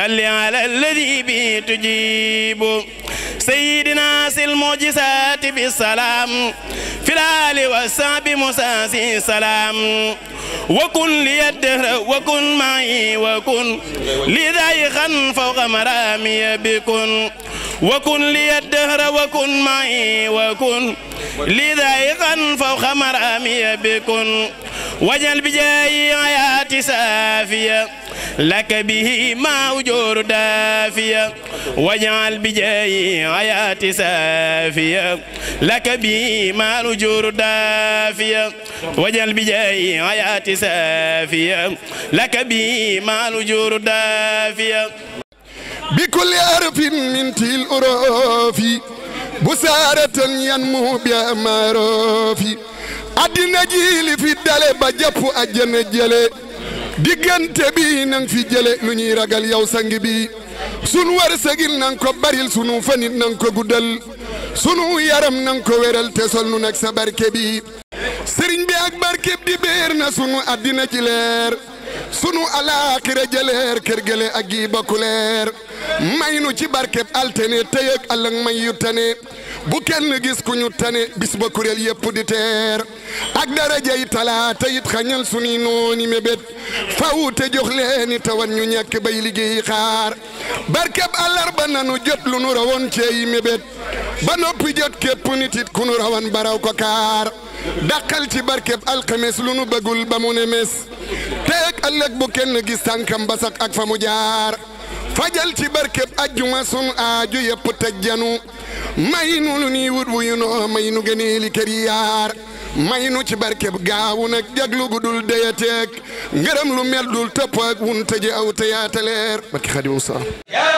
صل على الذي به تجيب سيدنا سي المعجزات بالسلام في الآل والصحب مساسي سلام وكن لي الدهر وكن معي وكن لي ذايخا فوق مرامي بكن وكن لي الدهر وكن معي وكن لي ذايخا فوق مرامي بكن wajal bi jaayi ayaati saafiya laka bihi maa ujoor daafiya wajal bi jaayi ayaati saafiya laka bihi maa ujoor daafiya wajal bi jaayi ayaati saafiya laka bihi maa ujoor daafiya bi kulli arfin min til uroofi busaaratan yan mu bi amaroofi addina ji li fi dale ba jàpp àjjana jële diggante bi nang fi jële lu ñuy ragal yow sang bi sunu wërsëgil nang ko baril sunu fanit nang ko guddal sunu yaram nang ko wéral te sol nu nag bi sëriñ bi ak barke bi di béer na sunu addina ci leer sunu alaaxira jëleer kër gële ak gii bakuleer may nu ci barkeb altene tëyëg àllëg may yu bu kenn gis ku ñu tane bis ba kuréel yépp di teer ak darajay talaata it xañal sunuy nooni mébét faw te jox leeni tawan ñu ñàkk bay liggéey xaar barkeb àllarba nanu jot nu rawoon ceeyi mébét ba noppi jot képp nit it ku nu rawan baraw ko kaar dàqal ci barkeb alxames lu nu bëggul ba mu ne mes teeg bu kenn gis tànkam ba sax ak fa mu jaar fajal ci barkeb ajjuma sun aaju yëpp tëjjanu may nu lu nuy wut wuyu noo may nu gëneeli kër yaar may nu ci barkeb gaawu nag jaglu gudul deyateeg ngërëm lu mel dul tëpp ak wun aw teyaataleer barke